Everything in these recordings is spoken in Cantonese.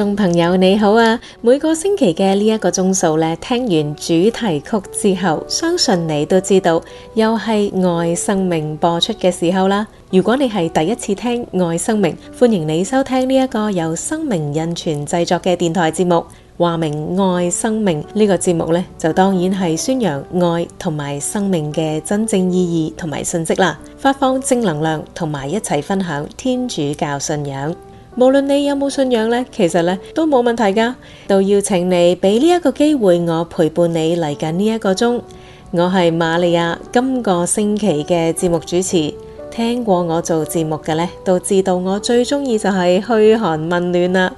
眾朋友你好啊！每個星期嘅呢一個鐘數，聽完主題曲之後，相信你都知道，又係愛生命播出嘅時候啦。如果你係第一次聽愛生命，歡迎你收聽呢一個由生命印傳製作嘅電台節目。話明愛生命呢、呢個節目呢，就當然係宣揚愛同埋生命嘅真正意義同埋信息啦，發放正能量同埋一齊分享天主教信仰。無論你有冇信仰呢，其實呢都冇問題噶。都要請你俾呢一個機會，我陪伴你嚟緊呢一個鐘。我係瑪利亞，今個星期嘅節目主持。聽過我做節目嘅呢，都知道我最中意就係噓寒問暖啦。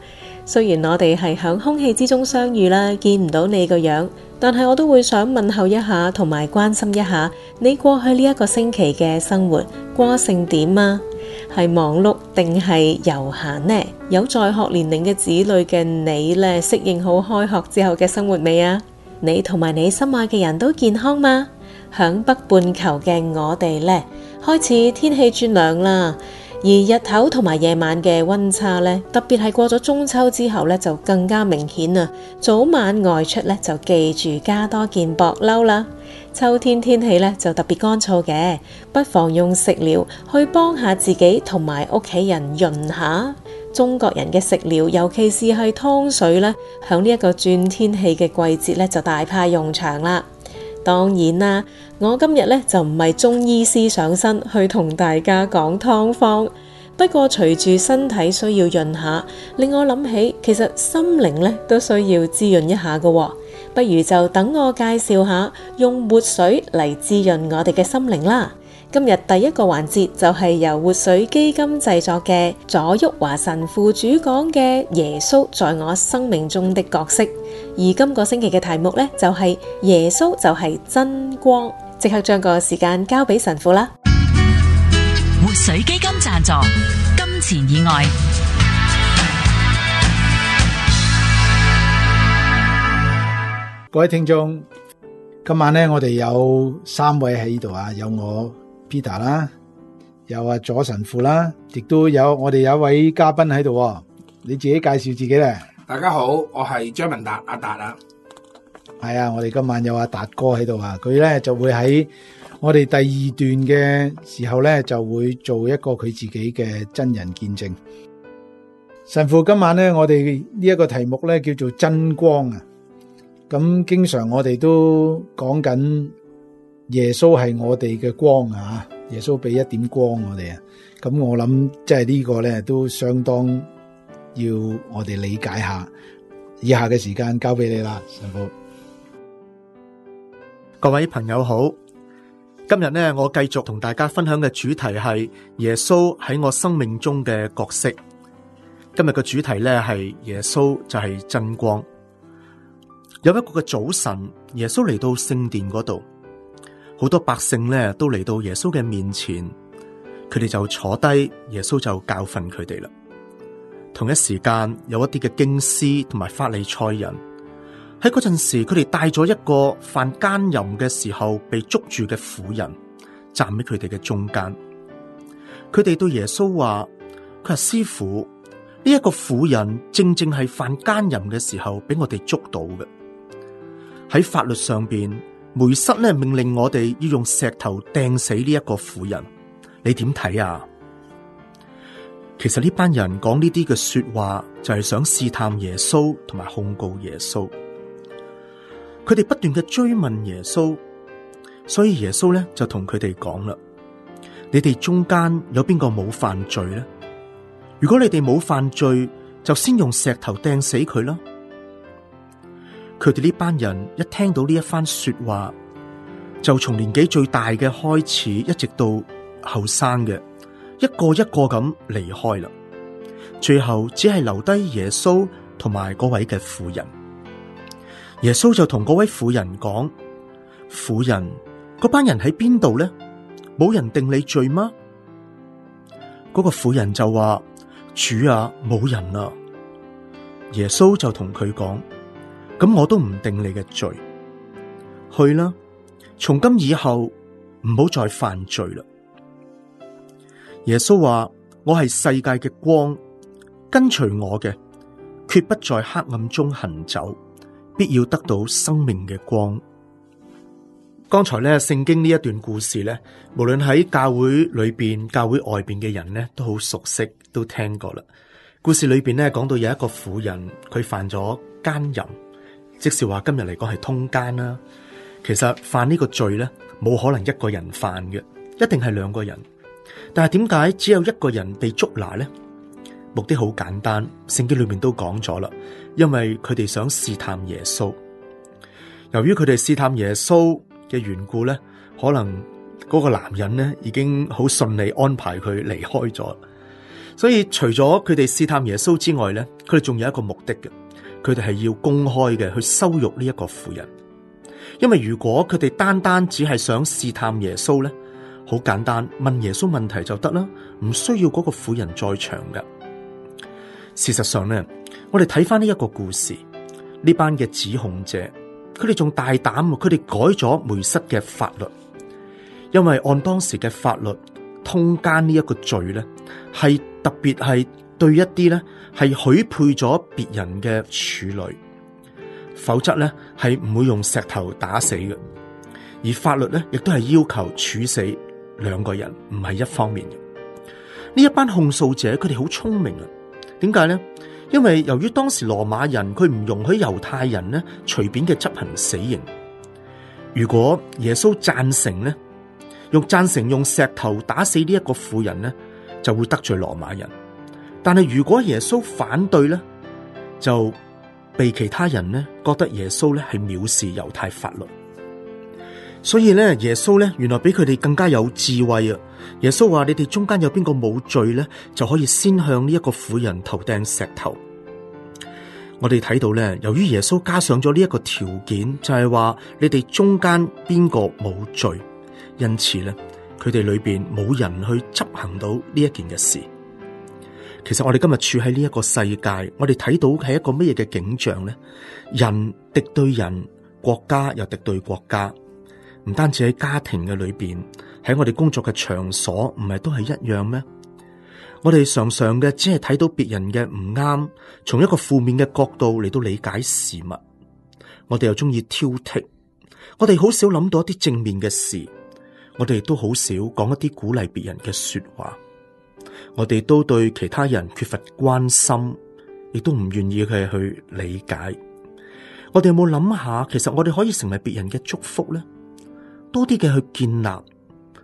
雖然我哋係響空氣之中相遇啦，見唔到你個樣，但係我都會想問候一下，同埋關心一下你過去呢一個星期嘅生活，過成點啊？係忙碌定係悠閒呢？有在學年齡嘅子女嘅你呢，適應好開學之後嘅生活未啊？你同埋你心愛嘅人都健康嗎？響北半球嘅我哋呢，開始天氣轉涼啦。而日頭同埋夜晚嘅溫差呢，特別係過咗中秋之後呢，就更加明顯嘞。早晚外出呢，就記住加多件薄褸啦。秋天天氣呢，就特別乾燥嘅，不妨用食療去幫下自己同埋屋企人潤下。中國人嘅食療，尤其是係湯水呢，響呢一個轉天氣嘅季節呢，就大派用場啦。當然啦，我今日咧就唔係中醫師上身去同大家講湯方。不過隨住身體需要潤下，令我諗起，其實心靈咧都需要滋潤一下噶。不如就等我介紹下用活水嚟滋潤我哋嘅心靈啦。今日第一個環節就係由活水基金製作嘅左旭華神父主講嘅《耶穌在我生命中的角色》。而今個星期嘅題目咧，就係耶穌就係真光，即刻將個時間交俾神父啦。活水基金贊助，金錢以外，各位聽眾，今晚咧，我哋有三位喺度啊，有我 Peter 啦，有阿左神父啦，亦都有我哋有一位嘉賓喺度，你自己介紹自己咧。大家好，我係張文達阿達啦，係啊，我哋今晚有阿達哥喺度啊，佢咧就會喺我哋第二段嘅時候咧就會做一個佢自己嘅真人見證。神父今晚咧，我哋呢一個題目咧叫做真光啊。咁經常我哋都講緊耶穌係我哋嘅光啊，耶穌俾一點光我哋啊。咁我諗即係呢個咧都相當。要我哋理解下，以下嘅時間交俾你啦，上各位朋友好。今日呢，我繼續同大家分享嘅主題係耶穌喺我生命中嘅角色。今日嘅主題呢，係耶穌就係真光。有一個嘅早晨，耶穌嚟到聖殿嗰度，好多百姓呢都嚟到耶穌嘅面前，佢哋就坐低，耶穌就教訓佢哋啦。同一時間有一啲嘅經師同埋法利賽人喺嗰陣時，佢哋帶咗一個犯奸淫嘅時候被捉住嘅婦人站喺佢哋嘅中間。佢哋對耶穌話：佢係師傅，呢一個婦人正正係犯奸淫嘅時候俾我哋捉到嘅。喺法律上邊，梅瑟咧命令我哋要用石頭掟死呢一個婦人，你點睇啊？其實呢班人講呢啲嘅說話，就係想試探耶穌同埋控告耶穌。佢哋不斷嘅追問耶穌，所以耶穌咧就同佢哋講啦：你哋中間有邊個冇犯罪咧？如果你哋冇犯罪，就先用石頭掟死佢囉。佢哋呢班人一聽到呢一番說話，就從年紀最大嘅開始，一直到後生嘅。一個一個咁離開啦，最後只係留低耶穌同埋嗰位嘅婦人。耶穌就同嗰位婦人講：，婦人，嗰班人喺邊度呢？冇人定你罪嗎？嗰、那個婦人就話：主啊，冇人啦、啊。耶穌就同佢講：，咁我都唔定你嘅罪，去啦，從今以後唔好再犯罪啦。耶穌話：我係世界嘅光，跟隨我嘅，決不在黑暗中行走，必要得到生命嘅光。剛才咧，聖經呢一段故事咧，無論喺教會裏邊、教會外邊嘅人咧，都好熟悉，都聽過啦。故事裏邊咧，講到有一個婦人，佢犯咗奸淫，即是話今日嚟講係通姦啦。其實犯呢個罪咧，冇可能一個人犯嘅，一定係兩個人。但係點解只有一個人被捉拿咧？目的好簡單，聖經裏面都講咗啦，因為佢哋想試探耶穌。由於佢哋試探耶穌嘅緣故咧，可能嗰個男人咧已經好順利安排佢離開咗。所以除咗佢哋試探耶穌之外咧，佢哋仲有一個目的嘅，佢哋係要公開嘅去羞辱呢一個婦人。因為如果佢哋單單只係想試探耶穌咧。好簡單，問耶穌問題就得啦，唔需要嗰個婦人在場嘅。事實上咧，我哋睇翻呢一個故事，呢班嘅指控者，佢哋仲大膽，佢哋改咗梅塞嘅法律，因為按當時嘅法律，通姦呢一個罪咧，係特別係對一啲咧係許配咗別人嘅處女，否則咧係唔會用石頭打死嘅，而法律咧亦都係要求處死。兩個人唔係一方面嘅，呢一班控訴者佢哋好聰明啊？點解呢？因為由於當時羅馬人佢唔容許猶太人呢隨便嘅執行死刑。如果耶穌讚成呢，用讚成用石頭打死呢一個婦人呢，就會得罪羅馬人。但係如果耶穌反對呢，就被其他人呢覺得耶穌呢係藐視猶太法律。所以咧，耶穌咧，原來比佢哋更加有智慧啊。耶穌話：你哋中間有邊個冇罪咧，就可以先向呢一個婦人頭掟石頭。我哋睇到咧，由於耶穌加上咗呢一個條件，就係話你哋中間邊個冇罪，因此咧，佢哋裏邊冇人去執行到呢一件嘅事。其實我哋今日處喺呢一個世界，我哋睇到係一個乜嘢嘅景象咧？人敵對人，國家又敵對國家。唔單止喺家庭嘅裏邊，喺我哋工作嘅場所，唔係都係一樣咩？我哋常常嘅只係睇到別人嘅唔啱，從一個負面嘅角度嚟到理解事物。我哋又中意挑剔，我哋好少諗到一啲正面嘅事，我哋亦都好少講一啲鼓勵別人嘅說話。我哋都對其他人缺乏關心，亦都唔願意佢去理解。我哋有冇諗下，其實我哋可以成為別人嘅祝福咧？多啲嘅去建立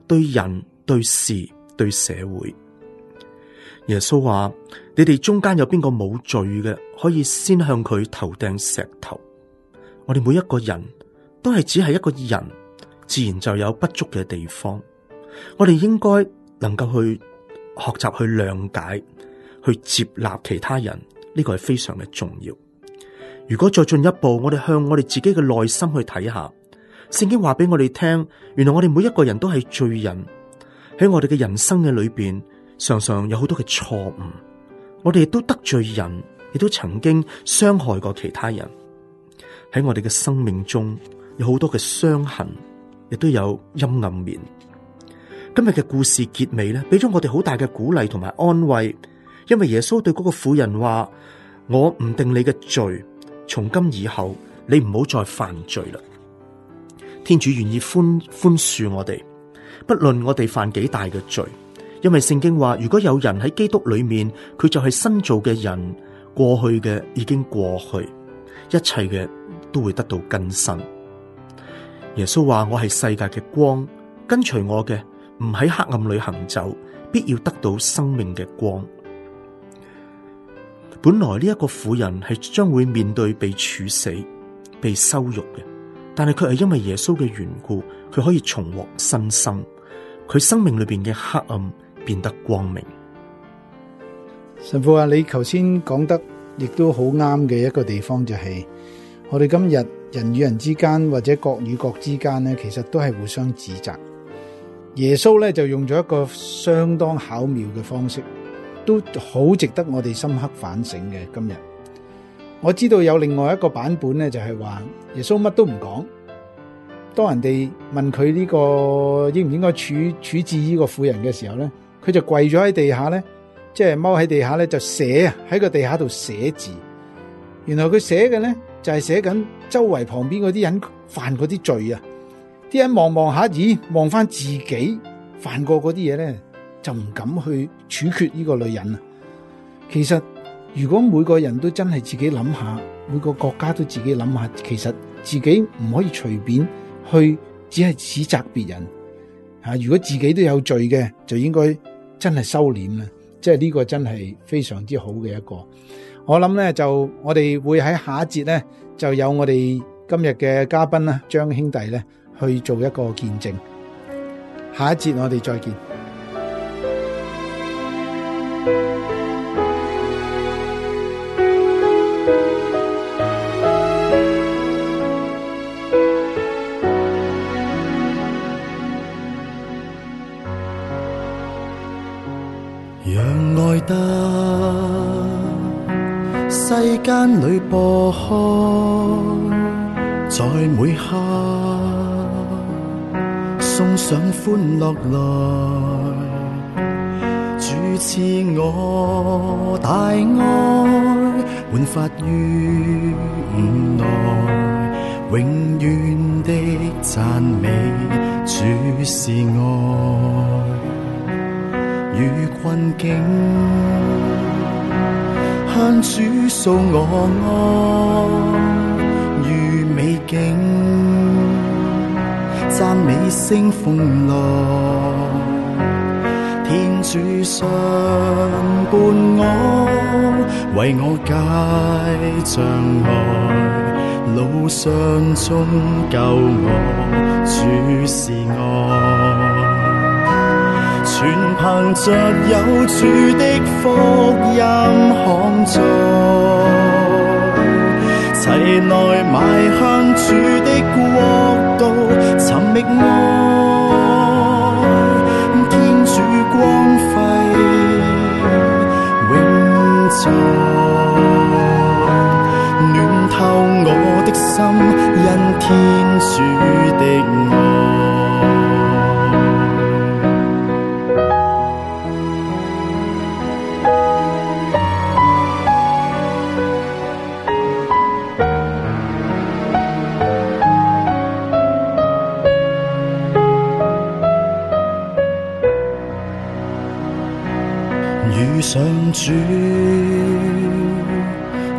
對人、對事、對社會。耶穌話：你哋中間有邊個冇罪嘅，可以先向佢頭掟石頭。我哋每一個人都係只係一個人，自然就有不足嘅地方。我哋應該能夠去學習，去諒解、去接納其他人，呢、這個係非常嘅重要。如果再進一步，我哋向我哋自己嘅內心去睇下。聖經話俾我哋聽，原來我哋每一個人都係罪人，喺我哋嘅人生嘅裏邊，常常有好多嘅錯誤，我哋亦都得罪人，亦都曾經傷害過其他人，喺我哋嘅生命中有好多嘅傷痕，亦都有陰暗面。今日嘅故事結尾咧，俾咗我哋好大嘅鼓勵同埋安慰，因為耶穌對嗰個婦人話：我唔定你嘅罪，從今以後你唔好再犯罪啦。天主願意寬寬恕我哋，不論我哋犯幾大嘅罪，因為聖經話，如果有人喺基督裏面，佢就係新造嘅人，過去嘅已經過去，一切嘅都會得到更新。耶穌話：我係世界嘅光，跟隨我嘅，唔喺黑暗裏行走，必要得到生命嘅光。本來呢一個婦人係將會面對被處死、被羞辱嘅。但係佢係因為耶穌嘅緣故，佢可以重獲新生，佢生命裏邊嘅黑暗變得光明。神父話、啊：你頭先講得亦都好啱嘅一個地方就係，我哋今日人與人之間或者國與國之間咧，其實都係互相指責。耶穌咧就用咗一個相當巧妙嘅方式，都好值得我哋深刻反省嘅。今日我知道有另外一個版本咧，就係話。耶穌乜都唔講，當人哋問佢呢個應唔應該處處置呢個婦人嘅時候咧，佢就跪咗喺地下咧，即係踎喺地下咧就寫啊喺個地下度寫字。原來佢寫嘅咧就係寫緊周圍旁邊嗰啲人犯嗰啲罪啊！啲人望望下，咦，望翻自己犯過嗰啲嘢咧，就唔敢去處決呢個女人啊！其實如果每個人都真係自己諗下，每個國家都自己諗下，其實。自己唔可以隨便去，只係指責別人吓，啊。如果自己都有罪嘅，就應該真係收斂啦。即係呢個真係非常之好嘅一個。我諗咧就我哋會喺下一節咧就有我哋今日嘅嘉賓啦，張兄弟咧去做一個見證。下一節我哋再見。得世間裏播開，在每刻送上歡樂來，主賜我大愛，煥發於五內，永遠的讚美，主是愛。遇困境，向主訴我哀；遇美景，讚美星風浪；天主常伴我，為我解障礙，路上終救我，主是我。全憑着有主的福音慷慨，齊來邁向主的國度，尋覓愛，天主光輝永在，暖透我的心，因天主的愛。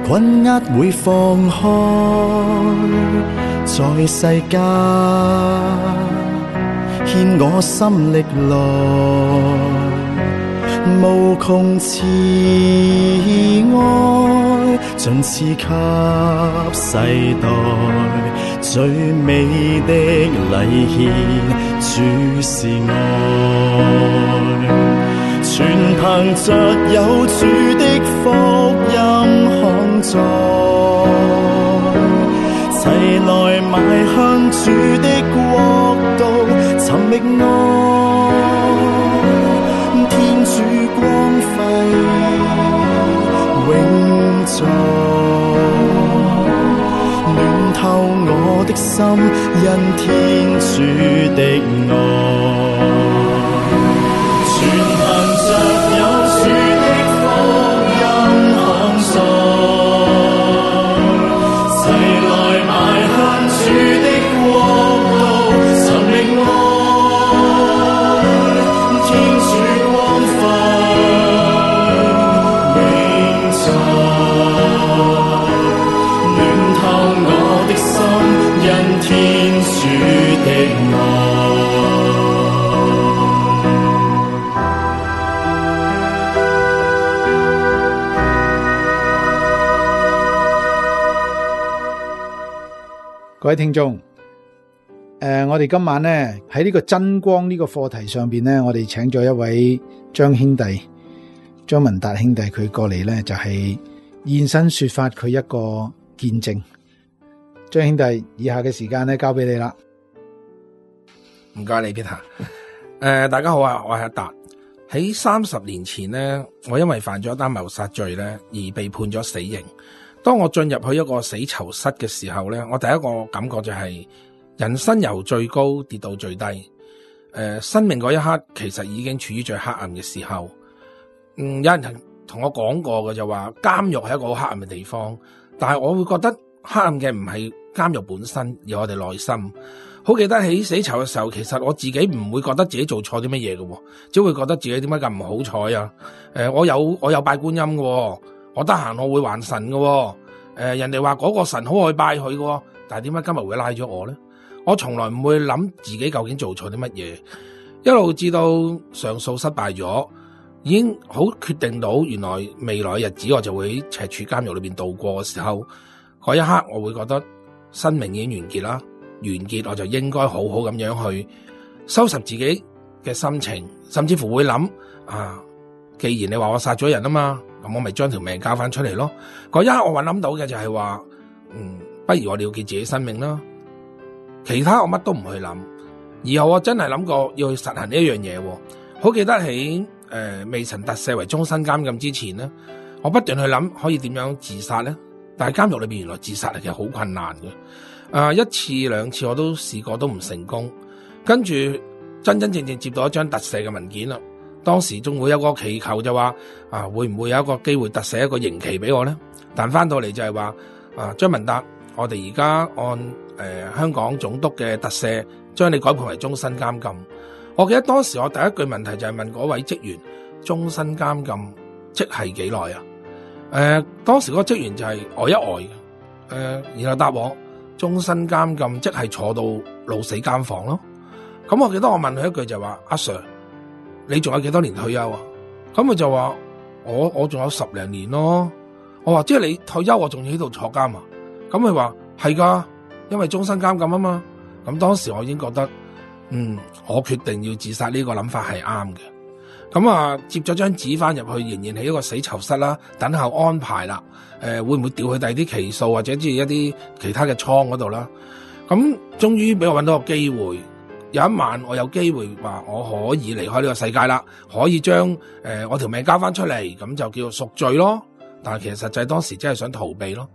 困握會放開，在世間獻我心力，來無窮慈愛，盡賜給世代最美的禮，獻主是愛，全憑着有主的福音。齊來邁向主的國度，尋覓愛，天主光輝永在，暖透我的心，因天主的愛。各位聽眾，誒、呃，我哋今晚呢喺呢個真光呢個課題上邊呢，我哋請咗一位張兄弟張文達兄弟，佢過嚟，呢就係、是、現身說法，佢一個見證。張兄弟，以下嘅時間呢交俾你啦，唔該你 Peter。誒，大家好啊，我係阿達。喺三十年前呢，我因為犯咗一單謀殺罪呢，而被判咗死刑。當我進入去一個死囚室嘅時候咧，我第一個感覺就係、是、人生由最高跌到最低。誒、呃，生命嗰一刻其實已經處於最黑暗嘅時候。嗯，有人同我講過嘅就話，監獄係一個好黑暗嘅地方，但係我會覺得黑暗嘅唔係監獄本身，而我哋內心。好記得喺死囚嘅時候，其實我自己唔會覺得自己做錯啲乜嘢嘅，只會覺得自己點解咁唔好彩啊！誒、呃，我有我有拜觀音嘅、哦。我得閒我會還神㗎喎，誒、呃，人哋話嗰個神好愛拜佢㗎喎，但係點解今日會拉咗我咧？我從來唔會諗自己究竟做錯啲乜嘢，一路至到上訴失敗咗，已經好決定到原來未來日子我就會喺赤柱監獄裏邊度過嘅時候，嗰一刻我會覺得生命已經完結啦，完結我就應該好好咁樣去收拾自己嘅心情，甚至乎會諗啊，既然你話我殺咗人啊嘛。我咪將條命交翻出嚟咯。嗰一刻我還諗到嘅就係話，嗯，不如我了結自己生命啦。其他我乜都唔去諗。而後我真係諗過要去實行呢一樣嘢。好記得喺誒、呃，未曾特赦為終身監禁之前咧，我不斷去諗可以點樣自殺咧。但係監獄裏邊原來自殺其實好困難嘅。啊、呃，一次兩次我都試過都唔成功。跟住真真正正接到一張特赦嘅文件啦。當時仲會有個祈求就話啊，會唔會有一個機會特赦一個刑期俾我呢？但翻到嚟就係話啊，張文達，我哋而家按誒、呃、香港總督嘅特赦，將你改判為終身監禁。我記得當時我第一句問題就係問嗰位職員：終身監禁即係幾耐啊？誒、呃，當時嗰個職員就係呆、呃、一呆、呃、嘅。誒、呃，然後答我：終身監禁即係坐到老死監房咯。咁、嗯、我記得我問佢一句就係話：阿、啊、Sir。你仲有幾多年退休啊？咁佢就話我，我仲有十零年咯。我話，即係你退休我仲要喺度坐監啊。咁佢話係噶，因為終身監禁啊嘛。咁當時我已經覺得，嗯，我決定要自殺呢個諗法係啱嘅。咁啊，接咗張紙翻入去，仍然喺一個死囚室啦，等候安排啦。誒、呃，會唔會調去第二啲期數或者即係一啲其他嘅倉嗰度啦？咁終於俾我搵到個機會。有一晚，我有機會話我可以離開呢個世界啦，可以將誒、呃、我條命交翻出嚟，咁就叫做贖罪咯。但係其實實際當時真係想逃避咯。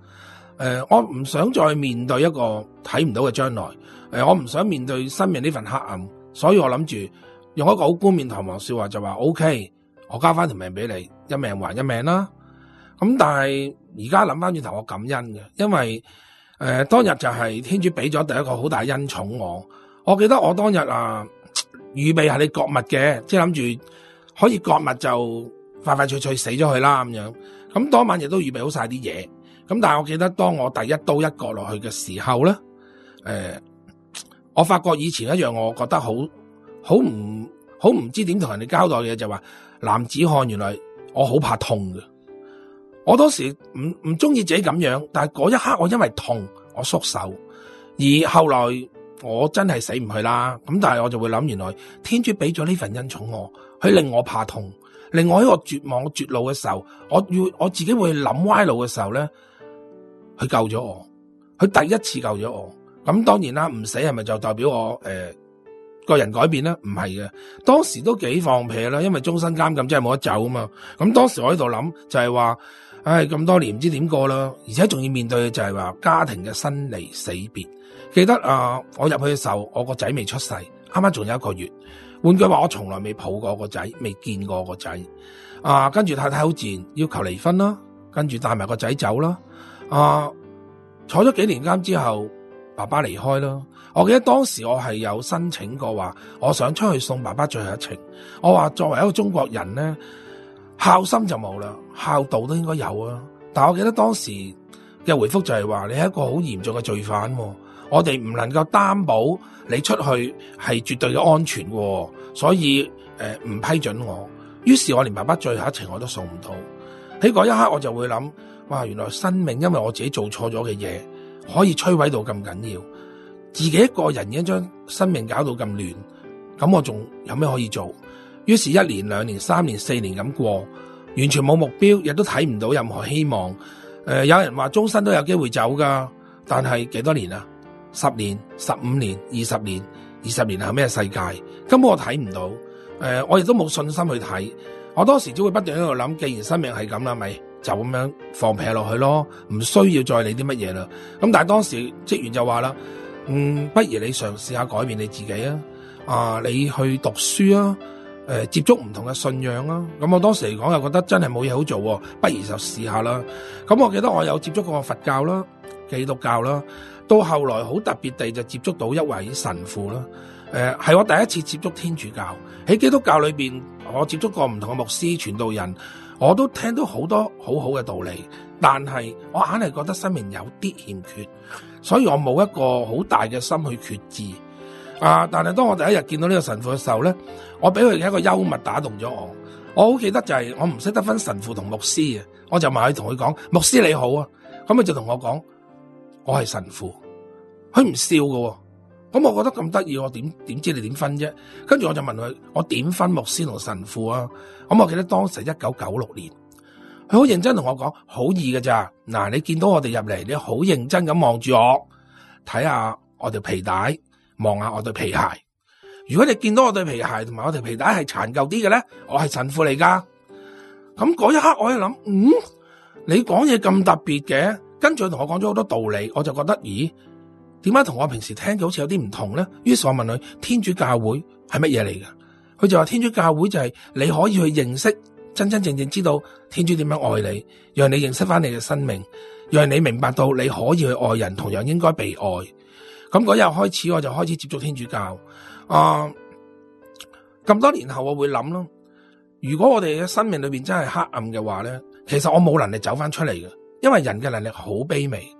誒、呃，我唔想再面對一個睇唔到嘅將來。誒、呃，我唔想面對生命呢份黑暗，所以我諗住用一個好冠冕堂皇説話，就話 OK，我交翻條命俾你，一命還一命啦。咁、嗯、但係而家諗翻轉頭，我感恩嘅，因為誒、呃、當日就係天主俾咗第一個好大恩寵我。我記得我當日啊，預備係你割脈嘅，即係諗住可以割脈就快快脆脆死咗佢啦咁樣。咁、嗯、當晚亦都預備好晒啲嘢。咁但係我記得當我第一刀一割落去嘅時候咧，誒、啊，我發覺以前一樣，我覺得好好唔好唔知點同人哋交代嘅就話，男子漢原來我好怕痛嘅。我當時唔唔中意自己咁樣，但係嗰一刻我因為痛，我縮手，而後來。我真係死唔去啦，咁但係我就會諗，原來天主俾咗呢份恩寵我，佢令我怕痛，另外喺我絕望絕路嘅時候，我要我自己會諗歪路嘅時候咧，佢救咗我，佢第一次救咗我。咁、嗯、當然啦，唔死係咪就代表我誒、呃、個人改變咧？唔係嘅，當時都幾放屁啦，因為終身監禁真係冇得走啊嘛。咁、嗯、當時我喺度諗就係、是、話，唉、哎、咁多年唔知點過啦，而且仲要面對嘅就係話家庭嘅生離死別。記得誒、呃，我入去嘅時候，我個仔未出世，啱啱仲有一個月。換句話，我從來未抱過個仔，未見過個仔。啊、呃，跟住太太好賤，要求離婚啦，跟住帶埋個仔走啦。啊、呃，坐咗幾年監之後，爸爸離開啦。我記得當時我係有申請過話，我想出去送爸爸最後一程。我話作為一個中國人呢，孝心就冇啦，孝道都應該有啊。但我記得當時嘅回覆就係話，你係一個好嚴重嘅罪犯、啊。我哋唔能夠擔保你出去係絕對嘅安全、哦，所以誒唔、呃、批准我。於是我連爸爸最後一程我都送唔到。喺嗰一刻我就會諗：「哇，原來生命因為我自己做錯咗嘅嘢，可以摧毀到咁緊要。自己一個人已經將生命搞到咁亂，咁我仲有咩可以做？於是，一年、兩年、三年、四年咁過，完全冇目標，亦都睇唔到任何希望。誒、呃，有人話終身都有機會走噶，但係幾多年啊？十年、十五年、二十年、二十年係咩世界？根本我睇唔到，誒、呃，我亦都冇信心去睇。我當時只會不斷喺度諗，既然生命係咁啦，咪就咁樣放撇落去咯，唔需要再理啲乜嘢啦。咁但係當時職員就話啦：嗯，不如你嘗試下改變你自己啊！啊、呃，你去讀書啊，誒、呃，接觸唔同嘅信仰啊。咁、嗯、我當時嚟講又覺得真係冇嘢好做喎，不如就試下啦。咁、嗯、我記得我有接觸過佛教啦、基督教啦。到後來好特別地就接觸到一位神父啦，誒、呃、係我第一次接觸天主教。喺基督教裏邊我接觸過唔同嘅牧師傳道人，我都聽到好多好好嘅道理，但係我硬係覺得生命有啲欠缺，所以我冇一個好大嘅心去決志啊。但係當我第一日見到呢個神父嘅時候呢，我俾佢嘅一個幽默打動咗我，我好記得就係我唔識得分神父同牧師嘅，我就埋去同佢講牧師你好啊。咁、嗯、佢就同我講。我係神父，佢唔笑噶、哦，咁、嗯、我覺得咁得意，我點點知你點分啫？跟住我就問佢：我點分牧師同神父啊？咁、嗯、我記得當時一九九六年，佢好認真同我講：好易噶咋，嗱，你見到我哋入嚟，你好認真咁望住我，睇下我條皮帶，望下我對皮鞋。如果你見到我對皮鞋同埋我條皮帶係殘舊啲嘅咧，我係神父嚟噶。咁、嗯、嗰一刻我喺諗：嗯，你講嘢咁特別嘅。跟住同我講咗好多道理，我就覺得咦，點解同我平時聽嘅好似有啲唔同呢？於是我問佢：天主教會係乜嘢嚟嘅？佢就話：天主教會就係你可以去認識真真正正知道天主點樣愛你，讓你認識翻你嘅生命，讓你明白到你可以去愛人，同樣應該被愛。咁嗰日開始我就開始接觸天主教。啊、呃，咁多年後我會諗咯，如果我哋嘅生命裏邊真係黑暗嘅話呢，其實我冇能力走翻出嚟嘅。因為人嘅能力好卑微，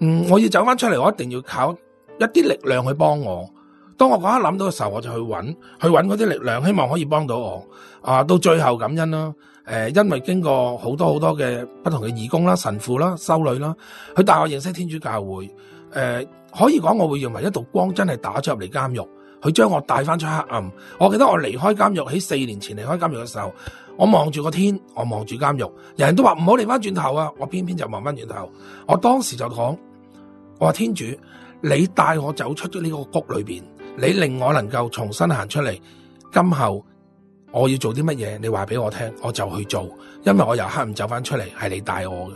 嗯，我要走翻出嚟，我一定要靠一啲力量去幫我。當我嗰刻諗到嘅時候，我就去搵，去搵嗰啲力量，希望可以幫到我。啊，到最後感恩啦、啊，誒、呃，因為經過好多好多嘅不同嘅義工啦、神父啦、修女啦，去帶我認識天主教會，誒、呃，可以講我會認為一道光真係打咗入嚟監獄。佢將我帶翻出黑暗。我記得我離開監獄喺四年前離開監獄嘅時候，我望住個天，我望住監獄，人人都話唔好離翻轉頭啊！我偏偏就望翻轉頭。我當時就講，我話天主，你帶我走出咗呢個谷裏邊，你令我能夠重新行出嚟。今後我要做啲乜嘢，你話俾我聽，我就去做。因為我由黑暗走翻出嚟係你帶我嘅。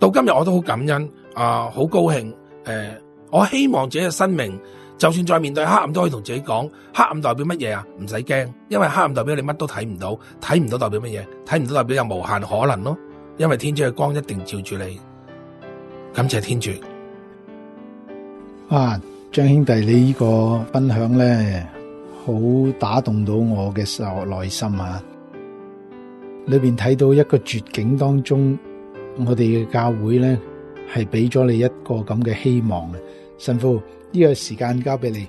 到今日我都好感恩啊，好、呃、高興。誒、呃，我希望自己嘅生命，就算再面對黑暗，都可以同自己講，黑暗代表乜嘢啊？唔使驚，因為黑暗代表你乜都睇唔到，睇唔到代表乜嘢？睇唔到代表有無限可能咯。因為天主嘅光一定照住你。感謝天主。啊，張兄弟，你呢個分享咧，好打動到我嘅內內心啊！裏邊睇到一個絕境當中，我哋嘅教會咧係俾咗你一個咁嘅希望啊！神父，呢、這個時間交俾你。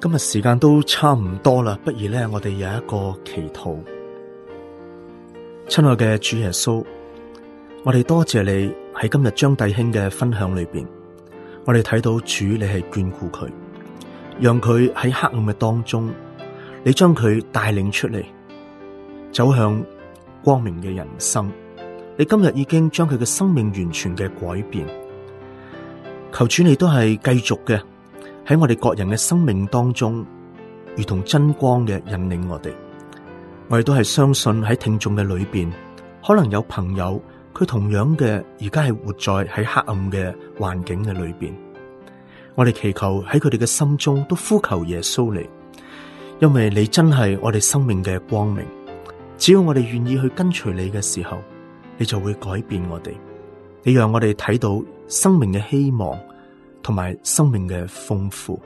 今日時間都差唔多啦，不如咧，我哋有一個祈禱。親愛嘅主耶穌，我哋多謝你喺今日張弟兄嘅分享裏邊，我哋睇到主你係眷顧佢，讓佢喺黑暗嘅當中，你將佢帶領出嚟，走向光明嘅人生。你今日已經將佢嘅生命完全嘅改變。求主你都係繼續嘅喺我哋各人嘅生命當中，如同真光嘅引領我哋。我哋都係相信喺聽眾嘅裏邊，可能有朋友佢同樣嘅而家係活在喺黑暗嘅環境嘅裏邊。我哋祈求喺佢哋嘅心中都呼求耶穌你，因為你真係我哋生命嘅光明。只要我哋願意去跟隨你嘅時候，你就會改變我哋。你讓我哋睇到。生命嘅希望同埋生命嘅豐富，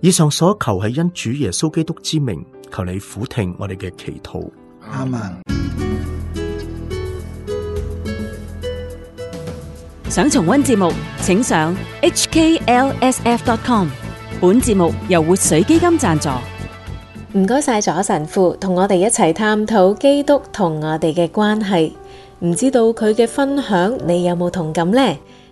以上所求係因主耶穌基督之名，求你俯聽我哋嘅祈禱。阿門 Amen。想重溫節目，請上 hklsf.com。本節目由活水基金贊助。唔該晒左神父，同我哋一齊探討基督同我哋嘅關係。唔知道佢嘅分享，你有冇同感呢？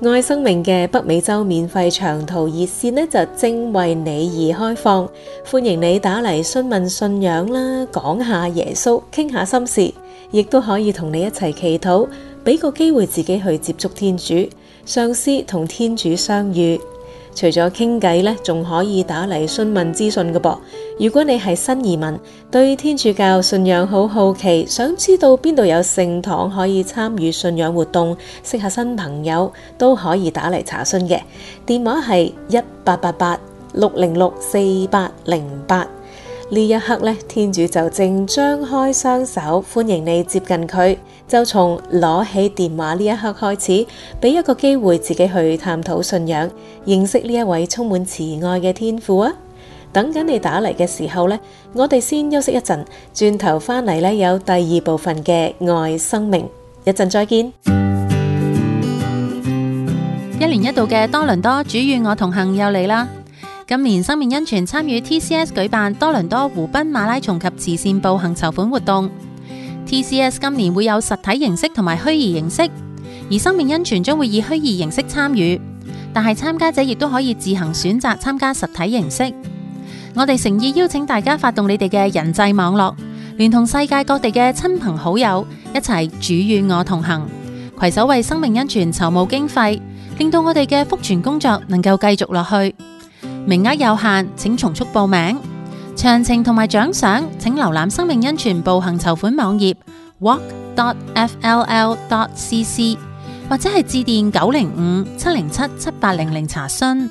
愛生命嘅北美洲免費長途熱線呢，就正為你而開放，歡迎你打嚟詢問信仰啦，講下耶穌，傾下心事，亦都可以同你一齊祈禱，俾個機會自己去接觸天主、上司同天主相遇。除咗傾偈咧，仲可以打嚟詢問資訊㗎噃。如果你係新移民，對天主教信仰好好奇，想知道邊度有聖堂可以參與信仰活動，識下新朋友，都可以打嚟查詢嘅。電話係一八八八六零六四八零八。呢一刻咧，天主就正張開雙手歡迎你接近佢。就從攞起電話呢一刻開始，俾一個機會自己去探討信仰，認識呢一位充滿慈愛嘅天父啊！等緊你打嚟嘅時候呢，我哋先休息一陣，轉頭翻嚟呢，有第二部分嘅愛生命，一陣再見。一年一度嘅多倫多主與我同行又嚟啦！今年生命恩泉參與 TCS 舉辦多倫多湖濱馬拉松及慈善步行籌款活動。TCS 今年會有實體形式同埋虛擬形式，而生命恩泉將會以虛擬形式參與，但係參加者亦都可以自行選擇參加實體形式。我哋誠意邀請大家發動你哋嘅人際網絡，聯同世界各地嘅親朋好友一齊主與我同行，攜手為生命恩泉籌募經費，令到我哋嘅福傳工作能夠繼續落去。名額有限，請從速報名。詳情同埋獎賞，請瀏覽生命恩泉步行籌款網頁 walk.dot.fll.dot.cc，或者係致電九零五七零七七八零零查詢。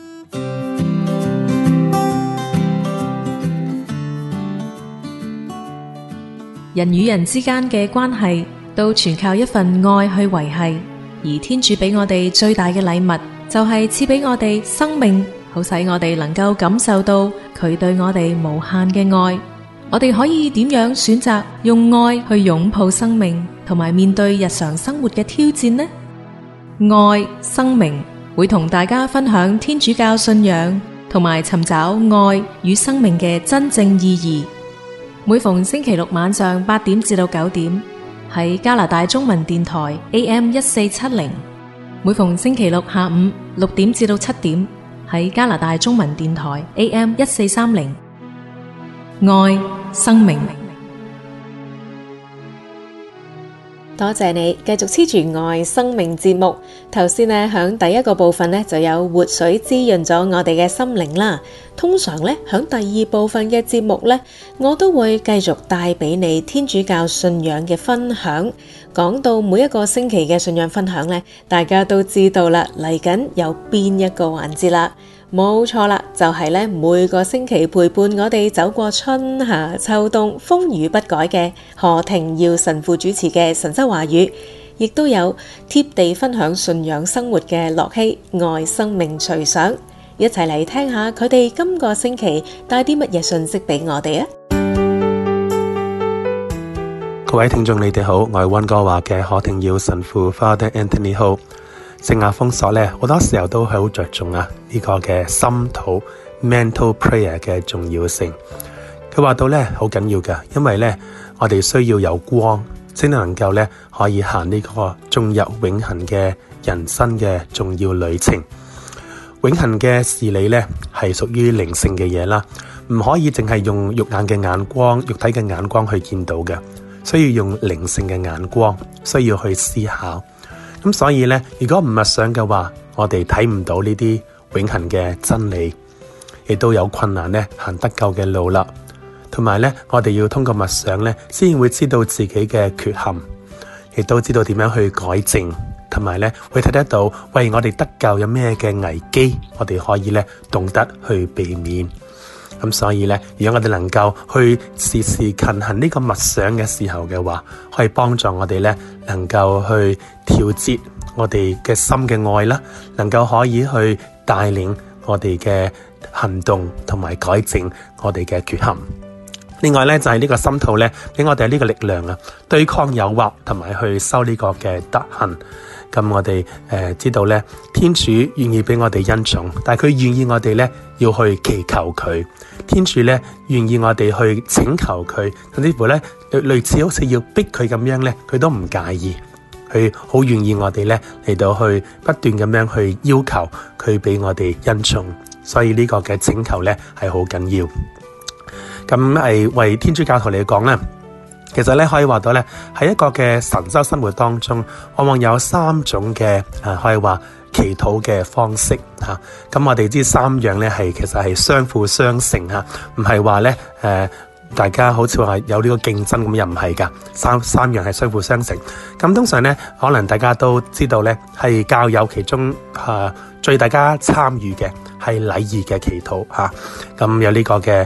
人與人之間嘅關係，都全靠一份愛去維繫，而天主俾我哋最大嘅禮物，就係賜俾我哋生命。好使我哋能夠感受到佢對我哋無限嘅愛，我哋可以點樣選擇用愛去擁抱生命，同埋面對日常生活嘅挑戰呢？愛生命會同大家分享天主教信仰，同埋尋找愛與生命嘅真正意義。每逢星期六晚上八點至到九點，喺加拿大中文電台 AM 1470；每逢星期六下午六點至到七點。喺加拿大中文電台 AM 一四三零，愛生命，多謝你繼續黐住愛生命節目。頭先呢，響第一個部分呢，就有活水滋潤咗我哋嘅心靈啦。通常呢，響第二部分嘅節目呢，我都會繼續帶俾你天主教信仰嘅分享。講到每一個星期嘅信仰分享咧，大家都知道啦，嚟緊有邊一個環節啦？冇錯啦，就係、是、咧每個星期陪伴我哋走過春夏秋冬風雨不改嘅何庭耀神父主持嘅神州華語，亦都有貼地分享信仰生活嘅樂熙愛生命隨想，一齊嚟聽下佢哋今個星期帶啲乜嘢信息俾我哋啊！各位聽眾，你哋好，我係溫哥華嘅何庭耀神父 Father Anthony 好。好聖亞封鎖咧，好多時候都係好着重啊、呢、這個嘅心土 mental prayer 嘅重要性。佢話到咧好緊要噶，因為咧我哋需要有光先能夠咧可以行呢個進入永恆嘅人生嘅重要旅程。永恆嘅事理咧係屬於靈性嘅嘢啦，唔可以淨係用肉眼嘅眼光、肉體嘅眼光去見到嘅。需要用靈性嘅眼光，需要去思考。咁所以呢，如果唔默想嘅話，我哋睇唔到呢啲永恒嘅真理，亦都有困難呢行得夠嘅路啦。同埋呢，我哋要通過默想呢，先會知道自己嘅缺陷，亦都知道點樣去改正。同埋呢，會睇得到，喂，我哋得救有咩嘅危機，我哋可以呢懂得去避免。咁所以咧，如果我哋能夠去時時勤行呢個默想嘅時候嘅話，可以幫助我哋咧，能夠去調節我哋嘅心嘅愛啦，能夠可以去帶領我哋嘅行動，同埋改正我哋嘅缺陷。另外咧就係、是、呢個心土咧俾我哋呢個力量啊，對抗誘惑同埋去修呢個嘅德行。咁、嗯、我哋誒、呃、知道咧，天主願意俾我哋恩寵，但係佢願意我哋咧要去祈求佢。天主咧願意我哋去請求佢，甚至乎咧類類似好似要逼佢咁樣咧，佢都唔介意，佢好願意我哋咧嚟到去不斷咁樣去要求佢俾我哋恩寵。所以呢個嘅請求咧係好緊要。咁係為天主教徒嚟講咧，其實咧可以話到咧，喺一個嘅神修生活當中，往往有三種嘅啊，可以話祈禱嘅方式嚇。咁我哋知三樣咧係其實係相輔相成嚇，唔係話咧誒，大家好似話有呢個競爭咁，又唔係噶。三三樣係相輔相成。咁通常咧，可能大家都知道咧，係教友其中啊最大家參與嘅係禮儀嘅祈禱嚇。咁、啊、有呢個嘅。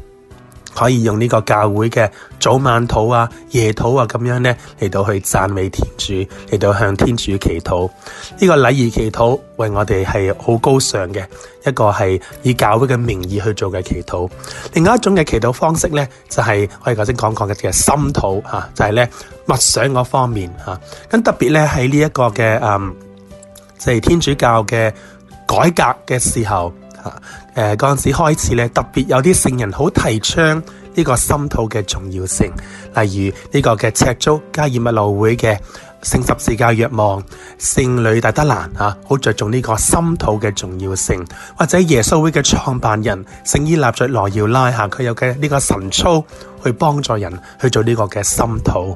可以用呢個教會嘅早晚禱啊、夜禱啊咁樣咧嚟到去讚美天主，嚟到向天主祈禱。呢、這個禮儀祈禱為我哋係好高尚嘅一個係以教會嘅名義去做嘅祈禱。另外一種嘅祈禱方式咧，就係我哋頭先講過嘅嘅心禱嚇，就係咧默想嗰方面嚇。咁、啊、特別咧喺呢一個嘅嗯，就係、是、天主教嘅改革嘅時候。嗰陣、啊呃、時開始咧，特別有啲聖人好提倡呢個心禱嘅重要性，例如呢個嘅赤足加爾默羅會嘅聖十字架若望、聖女大德蘭啊，好着重呢個心禱嘅重要性，或者耶穌會嘅創辦人聖依納爵羅耀拉吓，佢、啊、有嘅呢個神操去幫助人去做呢個嘅心禱。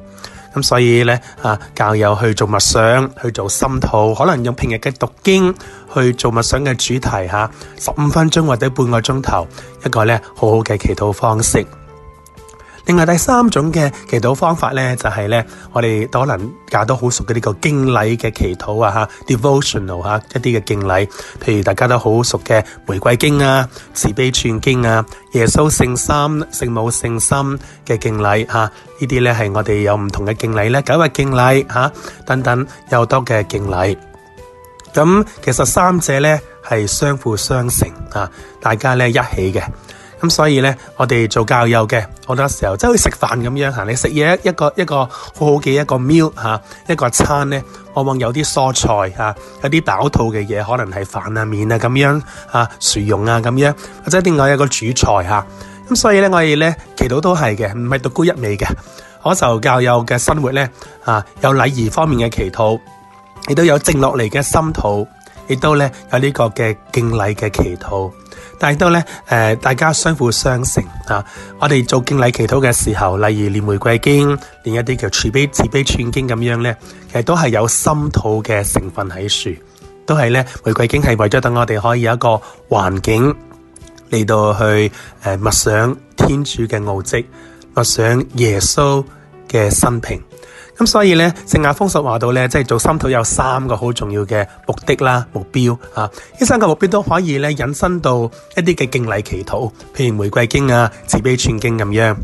咁所以呢，啊教友去做默想，去做心禱，可能用平日嘅讀經去做默想嘅主題吓，十五分鐘或者半個鐘頭，一個呢好好嘅祈禱方式。另外第三種嘅祈禱方法咧，就係、是、咧，我哋可能大家都好熟嘅呢個敬禮嘅祈禱啊，嚇 Devotional 嚇、啊、一啲嘅敬禮，譬如大家都好熟嘅玫瑰經啊、慈悲串經啊、耶穌聖心、聖母聖心嘅敬禮嚇，啊、呢啲咧係我哋有唔同嘅敬禮咧，九日敬禮嚇等等有多嘅敬禮。咁其實三者咧係相輔相成啊，大家咧一起嘅。咁所以咧，我哋做教友嘅好多時候，即係好似食飯咁樣嚇，你食嘢一一個一個好好嘅一個 meal 嚇，一個餐咧，往往有啲蔬菜嚇，有啲飽肚嘅嘢，可能係飯啊、麵啊咁樣嚇，薯蓉啊咁樣，或者另外一個主菜嚇。咁所以咧，我哋咧祈禱都係嘅，唔係獨沽一味嘅。我受教友嘅生活咧嚇，有禮儀方面嘅祈禱，亦都有靜落嚟嘅心禱，亦都咧有呢個嘅敬禮嘅祈禱。但係都、呃、大家相輔相成、啊、我哋做敬禮祈禱嘅時候，例如念《玫瑰經》，唸一啲叫慈悲慈悲串經咁樣咧，其實都係有心套嘅成分喺樹，都係呢，《玫瑰經》係為咗等我哋可以有一個環境嚟到去呃、默想天主嘅奧蹟，默想耶穌嘅生平。咁、嗯、所以咧，聖亞風索話到咧，即係做心禱有三個好重要嘅目的啦，目標啊，呢三個目標都可以咧引申到一啲嘅敬禮祈禱，譬如玫瑰經啊、慈悲串經咁樣。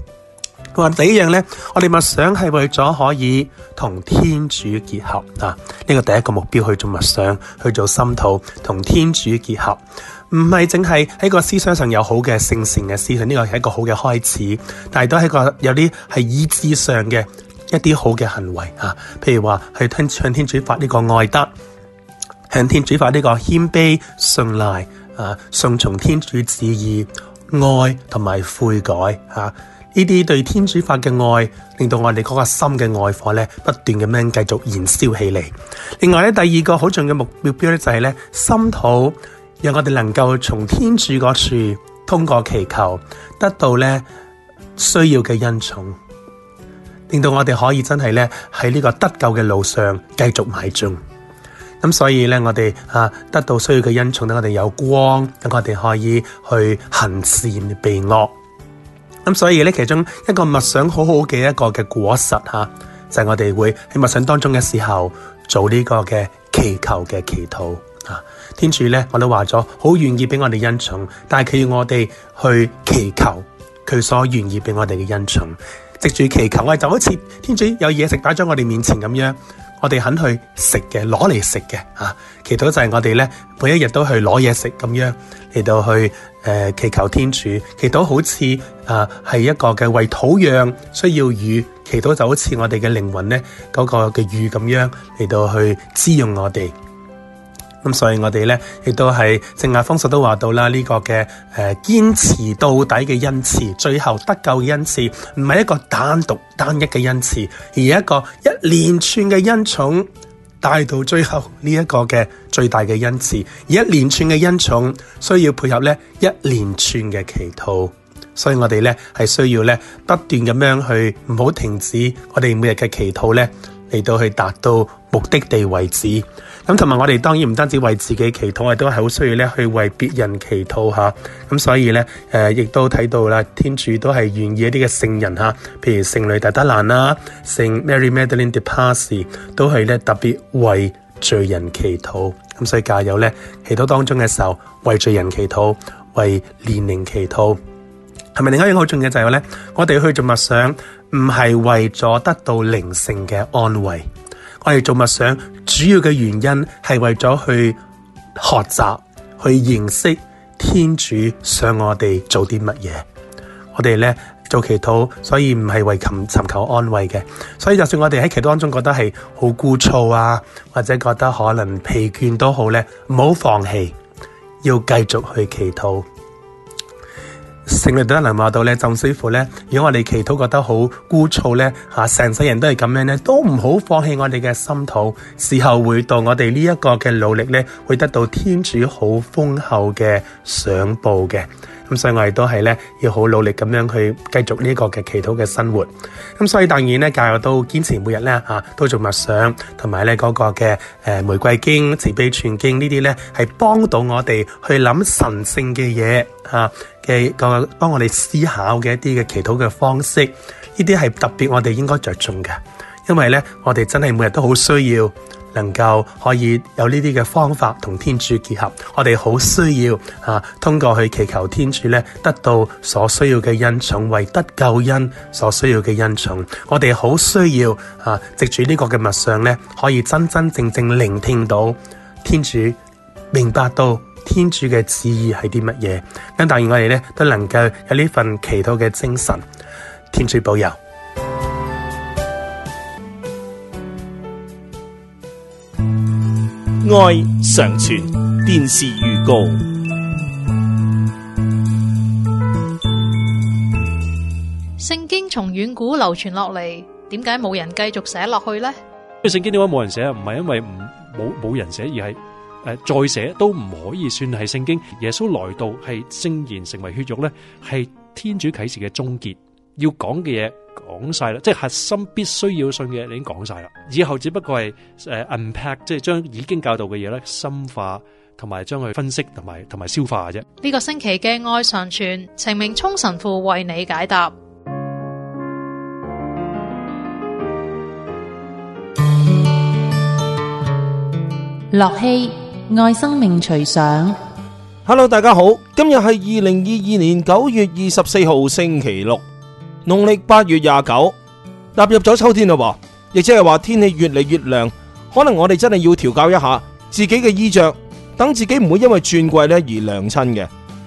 佢話第一樣咧，我哋默想係為咗可以同天主結合啊，呢、這個第一個目標去做默想，去做心禱，同天主結合，唔係淨係喺個思想上有好嘅聖善嘅思想，呢、這個係一個好嘅開始，但係都係個有啲係意志上嘅。一啲好嘅行為吓，譬如話去聽向天主發呢個愛德，向天主發呢個謙卑信賴啊，順從天主旨意、愛同埋悔改吓，啊，呢啲對天主發嘅愛，令到我哋嗰個心嘅愛火咧，不斷咁樣繼續燃燒起嚟。另外咧，第二個好重要嘅目標標咧就係咧，心土，讓我哋能夠從天主嗰處通過祈求得到咧需要嘅恩寵。令到我哋可以真係咧喺呢個得救嘅路上繼續邁進，咁所以咧我哋啊得到需要嘅恩寵，等我哋有光，等我哋可以去行善避惡。咁所以咧其中一個默想好好嘅一個嘅果實吓、啊，就係、是、我哋會喺默想當中嘅時候做呢個嘅祈求嘅祈禱。啊，天主咧，我都話咗好願意俾我哋恩寵，但係佢要我哋去祈求佢所願意俾我哋嘅恩寵。食住祈求，我就好似天主有嘢食擺咗我哋面前咁樣，我哋肯去食嘅，攞嚟食嘅吓。祈禱就係我哋咧，每一日都去攞嘢食咁樣嚟到去誒、呃、祈求天主，祈禱好似啊係一個嘅為土壤需要雨，祈禱就好似我哋嘅靈魂咧嗰、那個嘅雨咁樣嚟到去滋潤我哋。咁所以我哋咧，亦都係正阿方叔都話到啦，呢個嘅誒堅持到底嘅恩賜，最後得救嘅恩賜，唔係一個單獨單一嘅恩賜，而一個一連串嘅恩寵帶到最後呢一個嘅最大嘅恩賜，而一連串嘅恩寵需要配合咧一連串嘅祈禱，所以我哋咧係需要咧不斷咁樣去唔好停止，我哋每日嘅祈禱咧嚟到去達到目的地為止。咁同埋我哋當然唔單止為自己祈禱，誒都係好需要咧去為別人祈禱嚇。咁、啊、所以咧，誒、呃、亦都睇到啦，天主都係願意一啲嘅聖人嚇、啊，譬如聖女大德蘭啦、啊，聖 Mary Madeleine de Pazzi 都係咧特別為罪人祈禱。咁、啊、所以呢，教友咧祈禱當中嘅時候，為罪人祈禱，為年齡祈禱，係咪另一樣好重要就係咧，我哋去做默想，唔係為咗得到靈性嘅安慰。我哋做默想主要嘅原因係為咗去學習，去認識天主想我哋做啲乜嘢。我哋咧做祈禱，所以唔係為求尋求安慰嘅。所以就算我哋喺祈禱當中覺得係好枯燥啊，或者覺得可能疲倦都好咧，唔好放棄，要繼續去祈禱。聖都德能話到咧，鄭師傅咧，如果我哋祈禱覺得好枯燥咧，吓、啊、成世人都係咁樣咧，都唔好放棄我哋嘅心土，事後會到我哋呢一個嘅努力咧，會得到天主好豐厚嘅賞報嘅。咁所以我哋都係咧，要好努力咁樣去繼續呢個嘅祈禱嘅生活。咁所以當然咧，教友都堅持每日咧吓都做默想，同埋咧嗰個嘅誒玫瑰經、慈悲全經呢啲咧係幫到我哋去諗神聖嘅嘢吓，嘅個幫我哋思考嘅一啲嘅祈禱嘅方式。呢啲係特別我哋應該着重嘅，因為咧我哋真係每日都好需要。能夠可以有呢啲嘅方法同天主結合，我哋好需要啊！通過去祈求天主咧，得到所需要嘅恩寵，為得救恩所需要嘅恩寵。我哋好需要啊！藉住呢個嘅物相咧，可以真真正正聆聽到天主，明白到天主嘅旨意係啲乜嘢。咁當然我哋咧都能夠有呢份祈禱嘅精神。天主保佑。愛常存電視預告。聖經從遠古流傳落嚟，點解冇人繼續寫落去咧？因為聖經點解冇人寫啊？唔係因為唔冇冇人寫，而係誒再寫都唔可以算係聖經。耶穌來到係聖言成為血肉咧，係天主啟示嘅終結。要講嘅嘢講晒啦，即係核心必須要信嘅嘢已經講晒啦。以後只不過係誒，unpack，即係將已經教導嘅嘢咧深化，同埋將佢分析，同埋同埋消化嘅啫。呢個星期嘅愛上傳，程明聰神父為你解答。樂希愛生命隨想。Hello，大家好，今日係二零二二年九月二十四號星期六。農曆八月廿九，踏入咗秋天啦，亦即係話天氣越嚟越涼，可能我哋真係要調教一下自己嘅衣着，等自己唔會因為轉季咧而涼親嘅。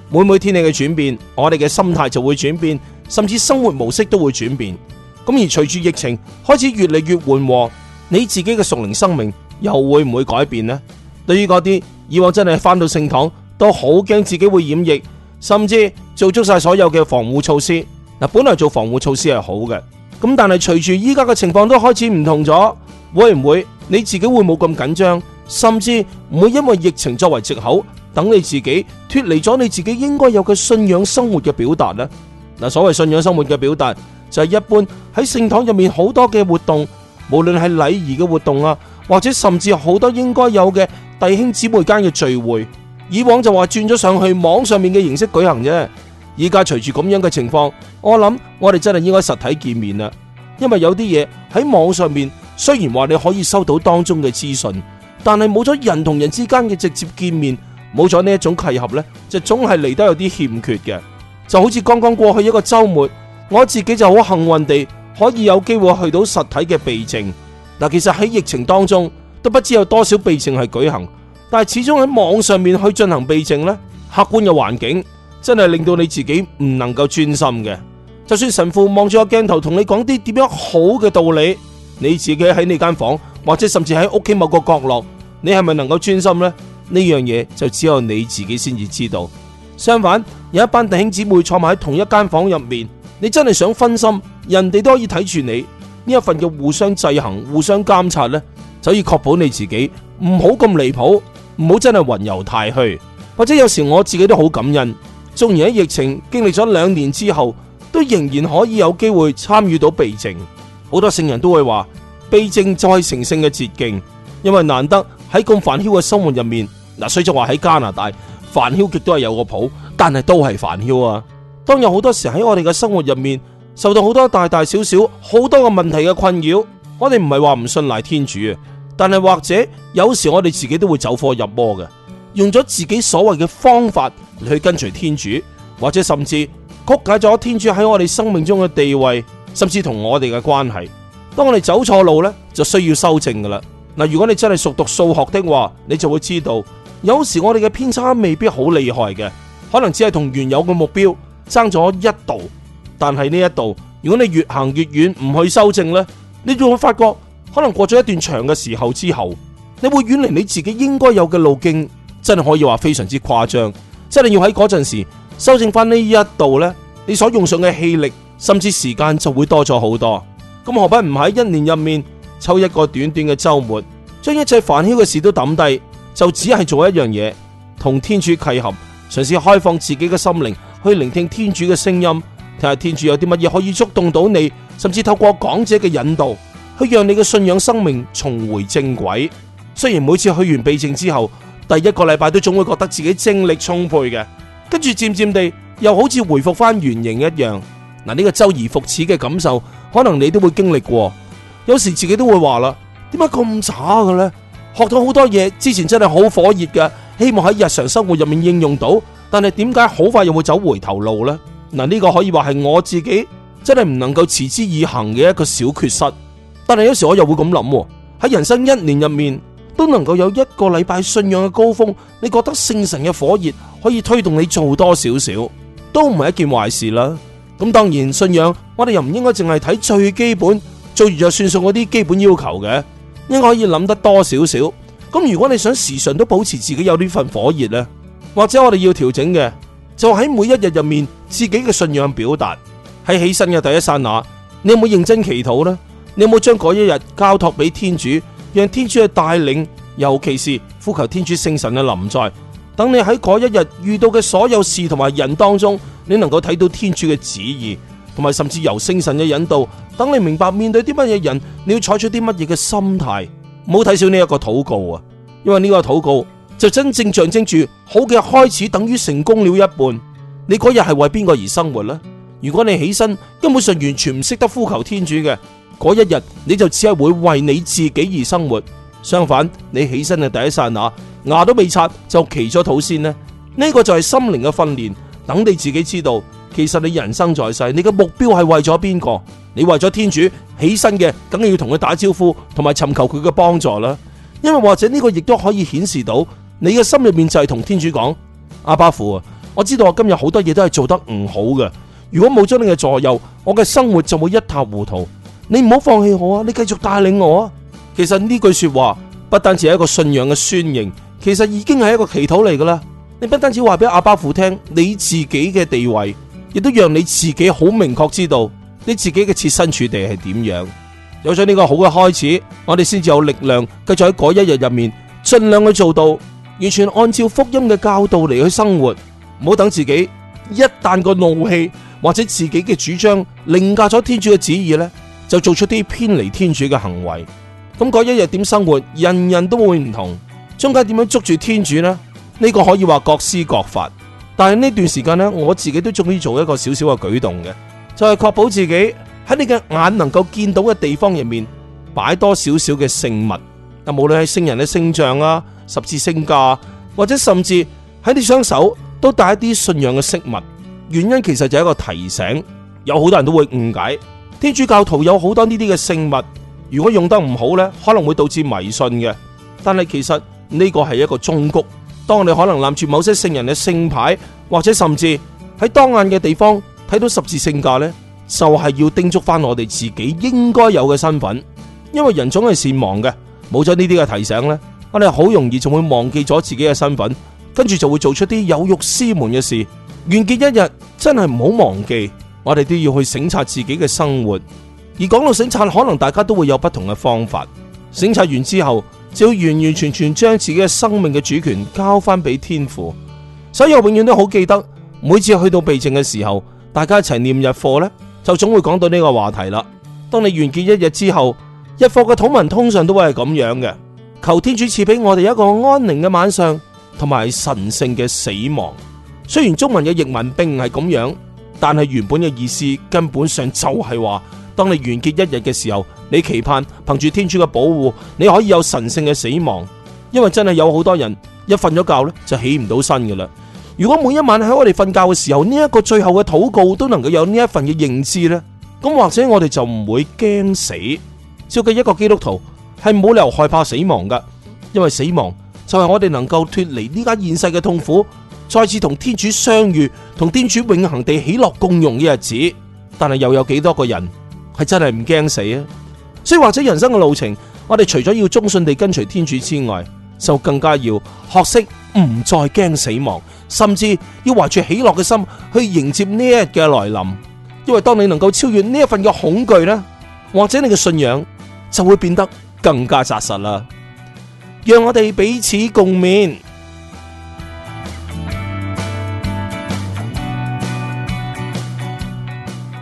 每每天氣嘅轉變，我哋嘅心態就會轉變，甚至生活模式都會轉變。咁而隨住疫情開始越嚟越緩和，你自己嘅屬靈生命又會唔會改變呢？對於嗰啲以往真係返到聖堂都好驚自己會染疫，甚至做足晒所有嘅防護措施。嗱，本來做防護措施係好嘅，咁但係隨住依家嘅情況都開始唔同咗，會唔會你自己會冇咁緊張，甚至唔會因為疫情作為藉口，等你自己脫離咗你自己應該有嘅信仰生活嘅表達呢？嗱，所謂信仰生活嘅表達就係一般喺聖堂入面好多嘅活動，無論係禮儀嘅活動啊，或者甚至好多應該有嘅弟兄姊妹間嘅聚會，以往就話轉咗上去網上面嘅形式舉行啫。依家隨住咁樣嘅情況，我諗我哋真係應該實體見面啦，因為有啲嘢喺網上面雖然話你可以收到當中嘅資訊，但係冇咗人同人之間嘅直接見面，冇咗呢一種契合呢，就總係嚟得有啲欠缺嘅。就好似剛剛過去一個周末，我自己就好幸運地可以有機會去到實體嘅備證。嗱，其實喺疫情當中都不知有多少備證係舉行，但係始終喺網上面去進行備證呢，客觀嘅環境。真係令到你自己唔能夠專心嘅。就算神父望住個鏡頭，同你講啲點樣好嘅道理，你自己喺你間房，或者甚至喺屋企某個角落，你係咪能夠專心呢？呢樣嘢就只有你自己先至知道。相反，有一班弟兄姊妹坐埋喺同一間房入面，你真係想分心，人哋都可以睇住你呢一份嘅互相制衡、互相監察呢，就可以確保你自己唔好咁離譜，唔好真係雲遊太虛。或者有時我自己都好感恩。縱然喺疫情經歷咗兩年之後，都仍然可以有機會參與到避靜。好多聖人都會話，避靜就係成聖嘅捷徑，因為難得喺咁煩囂嘅生活入面，嗱，所以就話喺加拿大煩囂極都係有個譜，但係都係煩囂啊！當有好多時喺我哋嘅生活入面，受到好多大大小小好多嘅問題嘅困擾，我哋唔係話唔信賴天主，但係或者有時我哋自己都會走火入魔嘅。用咗自己所謂嘅方法去跟隨天主，或者甚至曲解咗天主喺我哋生命中嘅地位，甚至同我哋嘅關係。當我哋走錯路呢，就需要修正噶啦。嗱，如果你真係熟讀數學的話，你就會知道，有時我哋嘅偏差未必好厲害嘅，可能只係同原有嘅目標差咗一度。但係呢一度，如果你越行越遠，唔去修正呢，你就會發覺，可能過咗一段長嘅時候之後，你會遠離你自己應該有嘅路徑。真係可以話非常之誇張，真係要喺嗰陣時修正翻呢一度呢，你所用上嘅氣力，甚至時間就會多咗好多。咁何不唔喺一年入面抽一個短短嘅周末，將一切煩囂嘅事都抌低，就只係做一樣嘢，同天主契合，嘗試開放自己嘅心靈去聆聽天主嘅聲音，睇下天主有啲乜嘢可以觸動到你，甚至透過講者嘅引導去讓你嘅信仰生命重回正軌。雖然每次去完避靜之後，第一個禮拜都總會覺得自己精力充沛嘅，跟住漸漸地又好似回復翻原形一樣。嗱，呢個周而復始嘅感受，可能你都會經歷過。有時自己都會話啦，點解咁渣嘅呢？學到好多嘢，之前真係好火熱嘅，希望喺日常生活入面應用到，但係點解好快又會走回頭路呢？嗱，呢個可以話係我自己真係唔能夠持之以恆嘅一個小缺失。但係有時我又會咁諗，喺人生一年入面，都能夠有一個禮拜信仰嘅高峰，你覺得聖神嘅火熱可以推動你做多少少，都唔係一件壞事啦。咁當然，信仰我哋又唔應該淨係睇最基本，做完就算數嗰啲基本要求嘅，應該可以諗得多少少。咁如果你想時常都保持自己有呢份火熱呢，或者我哋要調整嘅，就喺每一日入面，自己嘅信仰表達喺起身嘅第一剎那，你有冇認真祈禱呢？你有冇將嗰一日交託俾天主？讓天主去帶領，尤其是呼求天主聖神嘅臨在。等你喺嗰一日遇到嘅所有事同埋人當中，你能夠睇到天主嘅旨意，同埋甚至由聖神嘅引導。等你明白面對啲乜嘢人，你要採取啲乜嘢嘅心態。唔好睇少呢一個禱告啊，因為呢個禱告就真正象徵住好嘅開始，等於成功了一半。你嗰日係為邊個而生活呢？如果你起身根本上完全唔識得呼求天主嘅。嗰一日你就只係會為你自己而生活。相反，你起身嘅第一剎那牙都未刷就祈咗禱先咧。呢、呢個就係心靈嘅訓練。等你自己知道，其實你人生在世，你嘅目標係為咗邊個？你為咗天主起身嘅，梗係要同佢打招呼，同埋尋求佢嘅幫助啦。因為或者呢個亦都可以顯示到你嘅心入面就係同天主講阿巴父啊。我知道我今日好多嘢都係做得唔好嘅。如果冇咗你嘅左右，我嘅生活就會一塌糊塗。你唔好放棄我啊！你繼續帶領我啊！其實呢句說話不單止係一個信仰嘅宣認，其實已經係一個祈禱嚟噶啦。你不單止話俾阿巴父聽，你自己嘅地位亦都讓你自己好明確知道你自己嘅設身處地係點樣。有咗呢個好嘅開始，我哋先至有力量繼續喺嗰一日入面盡量去做到完全按照福音嘅教導嚟去生活。唔好等自己一旦個怒氣或者自己嘅主張凌駕咗天主嘅旨意呢，就做出啲偏離天主嘅行為，咁嗰一日點生活，人人都會唔同，中間點樣捉住天主呢？呢個可以話各施各法。但係呢段時間呢，我自己都中意做一個少少嘅舉動嘅，就係確保自己喺你嘅眼能夠見到嘅地方入面擺多少少嘅聖物，啊，無論係聖人嘅聖像啊、十字聖架，或者甚至喺你雙手都帶一啲信仰嘅飾物。原因其實就係一個提醒，有好多人都會誤解。天主教徒有好多呢啲嘅聖物，如果用得唔好呢，可能會導致迷信嘅。但係其實呢個係一個忠告，當你可能攬住某些聖人嘅聖牌，或者甚至喺當眼嘅地方睇到十字聖架呢，就係要叮囑翻我哋自己應該有嘅身份，因為人總係善忘嘅，冇咗呢啲嘅提醒呢，我哋好容易仲會忘記咗自己嘅身份，跟住就會做出啲有辱師門嘅事。完結一日，真係唔好忘記。我哋都要去省察自己嘅生活，而講到省察，可能大家都會有不同嘅方法。省察完之後，就要完完全全將自己嘅生命嘅主權交翻俾天父。所以我永遠都好記得，每次去到避靜嘅時候，大家一齊念日課呢，就總會講到呢個話題啦。當你完結一日之後，日課嘅禱文通常都會係咁樣嘅，求天主賜俾我哋一個安寧嘅晚上，同埋神聖嘅死亡。雖然中文嘅譯文並唔係咁樣。但係原本嘅意思根本上就係話，當你完結一日嘅時候，你期盼憑住天主嘅保護，你可以有神聖嘅死亡，因為真係有好多人一瞓咗覺咧就起唔到身嘅啦。如果每一晚喺我哋瞓覺嘅時候，呢一個最後嘅禱告都能夠有呢一份嘅認知呢，咁或者我哋就唔會驚死。照計一個基督徒係冇理由害怕死亡噶，因為死亡就係我哋能夠脫離呢家現世嘅痛苦，再次同天主相遇，同天主永恆地喜樂共融嘅日子，但係又有幾多個人係真係唔驚死啊？所以或者人生嘅路程，我哋除咗要忠信地跟隨天主之外，就更加要學識唔再驚死亡，甚至要懷住喜樂嘅心去迎接呢一日嘅來臨。因為當你能夠超越呢一份嘅恐懼咧，或者你嘅信仰就會變得更加紮實啦。讓我哋彼此共勉。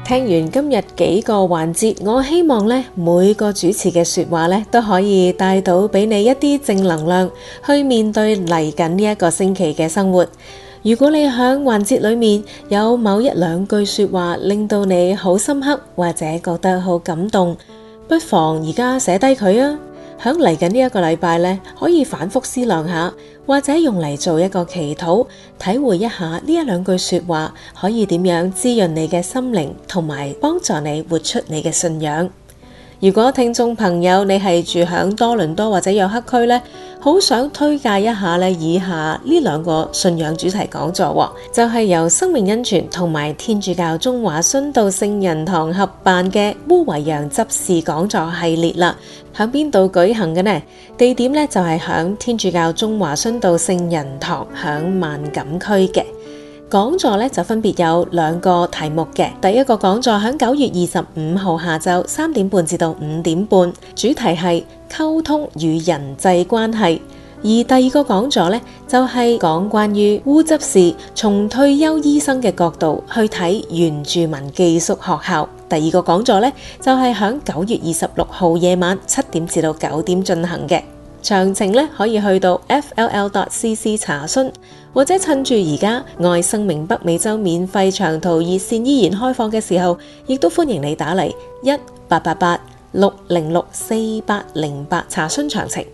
聽完今日幾個環節，我希望呢每個主持嘅說話呢都可以帶到畀你一啲正能量，去面對嚟緊呢一個星期嘅生活。如果你喺環節裏面有某一兩句說話令到你好深刻或者覺得好感動，不妨而家寫低佢啊！喺嚟緊呢一個禮拜咧，可以反覆思量下，或者用嚟做一個祈禱，體會一下呢一兩句說話可以點樣滋潤你嘅心靈，同埋幫助你活出你嘅信仰。如果聽眾朋友你係住響多倫多或者約克區咧，好想推介一下以下呢兩個信仰主題講座，就係、是、由生命恩泉同埋天主教中華殉道聖人堂合辦嘅烏維揚執事講座系列啦。響邊度舉行嘅呢？地點咧就係響天主教中華殉道聖人堂響萬錦區嘅。講座呢就分別有兩個題目嘅，第一個講座響九月二十五號下午三點半至到五點半，主題係溝通與人際關係；而第二個講座呢，就係、是、講關於烏執事從退休醫生嘅角度去睇原住民寄宿學校。第二個講座呢，就係響九月二十六號夜晚七點至到九點進行嘅。詳情咧可以去到 fll.cc 查詢，或者趁住而家愛生命北美洲免費長途熱線依然開放嘅時候，亦都歡迎你打嚟一八八八六零六四八零八查詢詳情，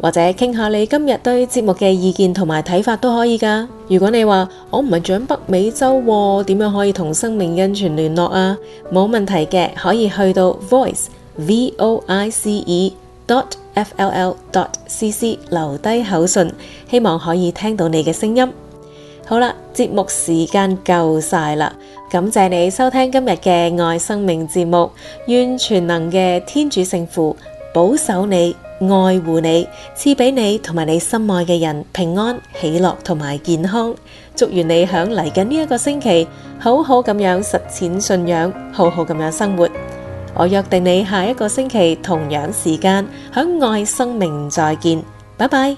或者傾下你今日對節目嘅意見同埋睇法，都可以噶。如果你話我唔係長北美洲，啊，點樣可以同生命印存聯絡啊？冇問題嘅，可以去到 voice voice v o i c e。dot f l l dot c c，留低口信，希望可以聽到你嘅聲音。好啦，節目時間夠晒啦，感謝你收聽今日嘅愛生命節目。願全能嘅天主聖父保守你、愛護你、賜俾你同埋你心愛嘅人平安、喜樂同埋健康。祝願你響嚟緊呢一個星期好好咁樣實踐信仰，好好咁樣生活。我約定你下一個星期同樣時間響愛生命再見，拜拜。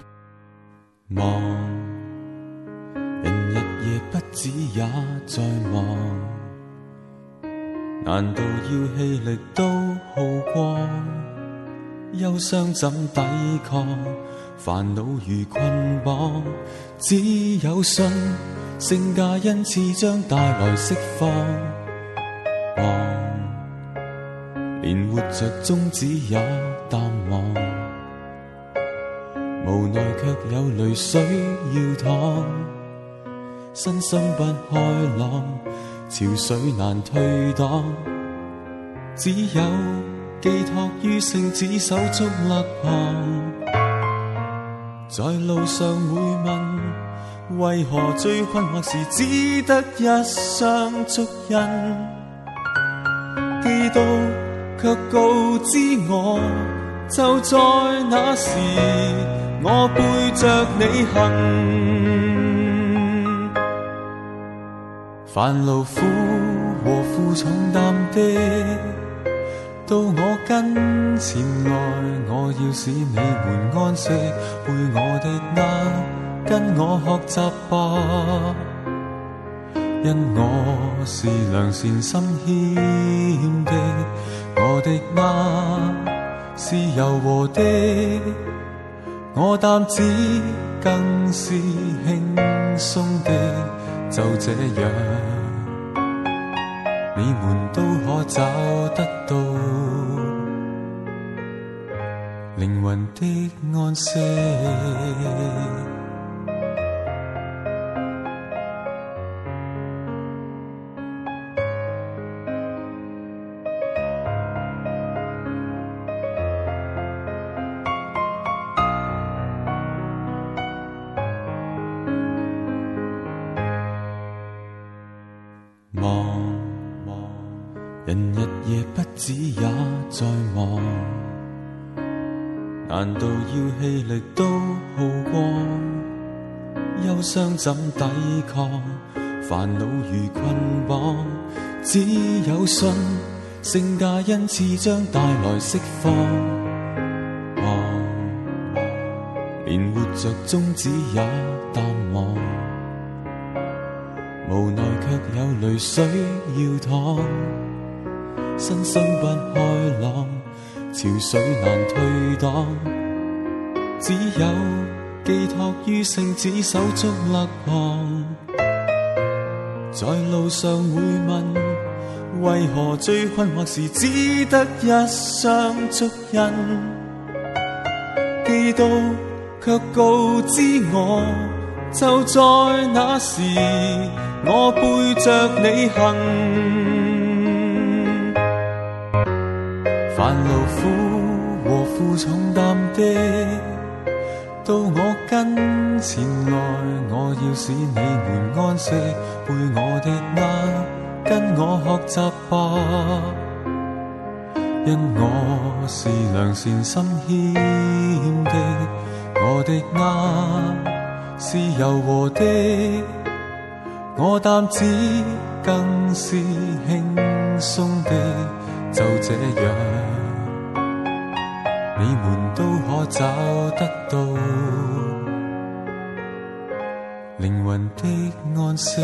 忙，人日夜不止也在忙，難道要氣力都耗光？憂傷怎抵抗？煩惱如捆綁，只有信，性格因此將帶來釋放。忙。連活着宗旨，也淡忘，無奈卻有淚水要淌，身心不開朗，潮水難退擋，只有寄託於聖子手足肋旁，在路上會問，為何最困惑時，只得一雙足印，基督。卻告知我，就在那時，我背著你行，凡勞苦和負重擔的，到我跟前來，我要使你們安息，背我的軛，跟我學習吧。因我是良善心謙的，我的肩是柔和的，我擔子更是輕鬆的，就這樣，你們都可找得到靈魂的安息。只有信聖架，家因此將帶來釋放，啊。連活着宗旨也淡忘，無奈卻有淚水要淌。身心不開朗，潮水難退擋。只有寄託於聖子手足肋旁。在路上會問，為何最困惑時只得一雙足印？基督卻告知我，就在那時，我背著你行，凡勞苦和負重擔的，到我跟前來，我要使你們安息。背我的軛，跟我學習吧。因我是良善心謙的，我的軛是柔和的，我擔子更是輕鬆的。就這樣，你們都找得到靈魂的安息。